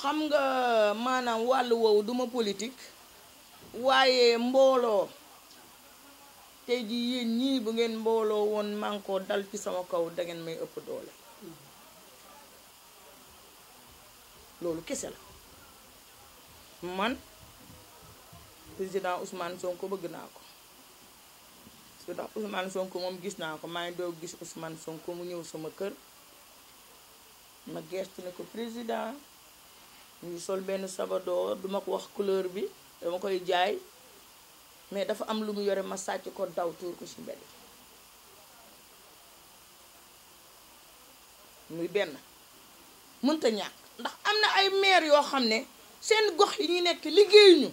xam nga maanaam wàll woowu duma politik waaye mbooloo tey jii yéen ñii bu ngeen mbooloo woon mànkoo dal ci sama kaw dangeen may ëpp doole loolu kese la man président Ousmane Sonko bëgg naa ko président Ousmane Sonko moom gis naa ko maa ngi doo gis Ousmane Sonko mu ñëw sama kër ma gestu ne ko président ñu sol benn sabadoor duma ko wax couleur bi dama koy jaay mais dafa am lu mu yore ma sàcc ko daw tuur ko ci mbedd muy benn mënta ñàkk ndax am na ay maire yoo xam ne seen gox yi ñu nekk liggéeyuñu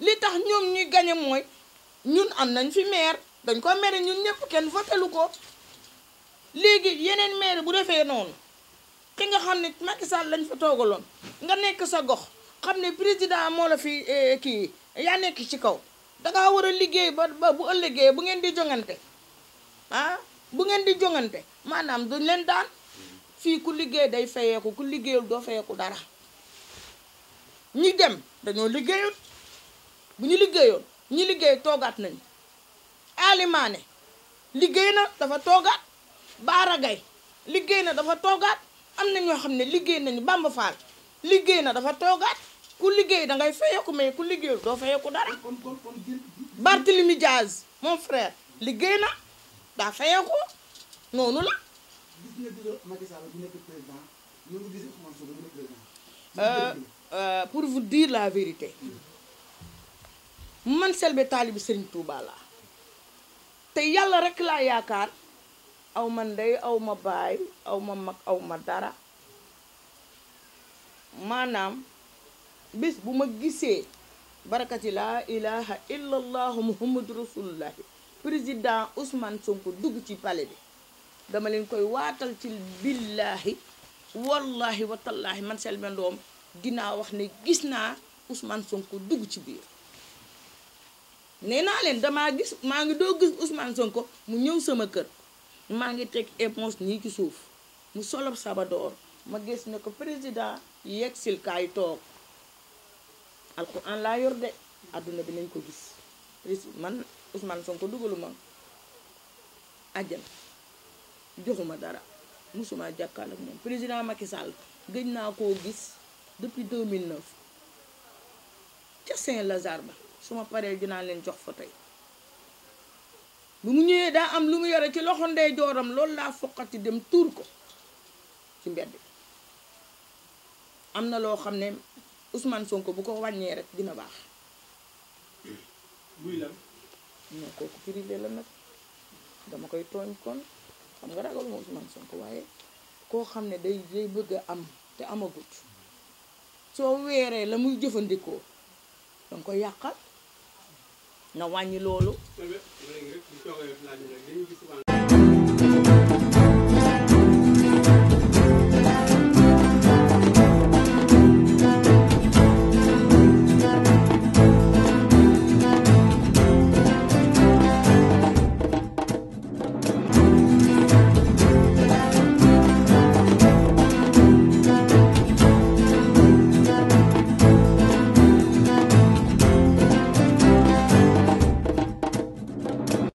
li tax ñoom ñuy gañe mooy ñun am nañ fi maire dañ koo mere ñun ñëpp kenn votelu ko léegi yeneen maire bu defee noonu ki nga xam ne Macky Sall lañ fa toogaloon nga nekk sa gox xam ne président moo la fi eh, kii yaa nekk ci kaw dangaa war a liggéey ba ba bu ëllëgee bu ngeen di jongante ah, bu ngeen di jongante maanaam duñ leen daan fii ku liggéey day fayeeku ku liggéeyul doo fayeeku dara ñi dem dañoo liggéeyul bu ñu liggéeyoon ñu liggéey toogaat nañ Aly Mané liggéey na dafa toogaat Baara Gaye liggéey na dafa toogaat am na ñoo xam ne liggéey nañu Bamba liggéey na dafa toogaat ku liggéey da ngay fayeeku mais ku liggéeyul doo fayeeku dara Barthélemy Diaz mon frère liggéey na daa fayeeku noonu la euh, pour vous dire la vérité man Selbé taalibi Serigne Touba te yàlla rek laa yaakaar aw ma ndey aw ma baay aw ma mag aw ma dara maanaam bés bu ma gisee barakati laa ilaha illallahu muhammadu rasulullahi président Ousmane Sonko dugg ci palais bi dama leen koy waatal ci billaahi wallahi wa tallaahi man Selbé Ndom dinaa wax ne gis naa Ousmane Sonko dugg ci biir nee naa leen damaa gis maa ngi doo gis Ousmane Sonko mu ñëw sama kër maa ngi teg éponge nii ci suuf mu solob sabadoor ma gis ne ko président yegg sil kaay toog alxuraan laa yor de àdduna bi nañ ko gis man Ousmane Sonko dugaluma àjjana joxuma dara musuma jàkkaarloo moom président Macky Sall gëj naa koo gis depuis 2009 ca Saint-Lazare ba su ma paree naa leen jox fa tey bu mu ñëwee daa am lu mu yore ci loxo ndey jooram loolu laa foqati dem tuur ko ci mbedd am na loo xam ne Ousmane Sonko bu ko wàññee rek dina baax. muy lan. non kooku privé la nag dama koy tooñ kon xam nga ragal moom Ousmane Sonko waaye koo xam ne day day bëgg a am te amagut soo weeree la muy jëfandikoo danga koy yàqal na wàññi loolu. Eh eh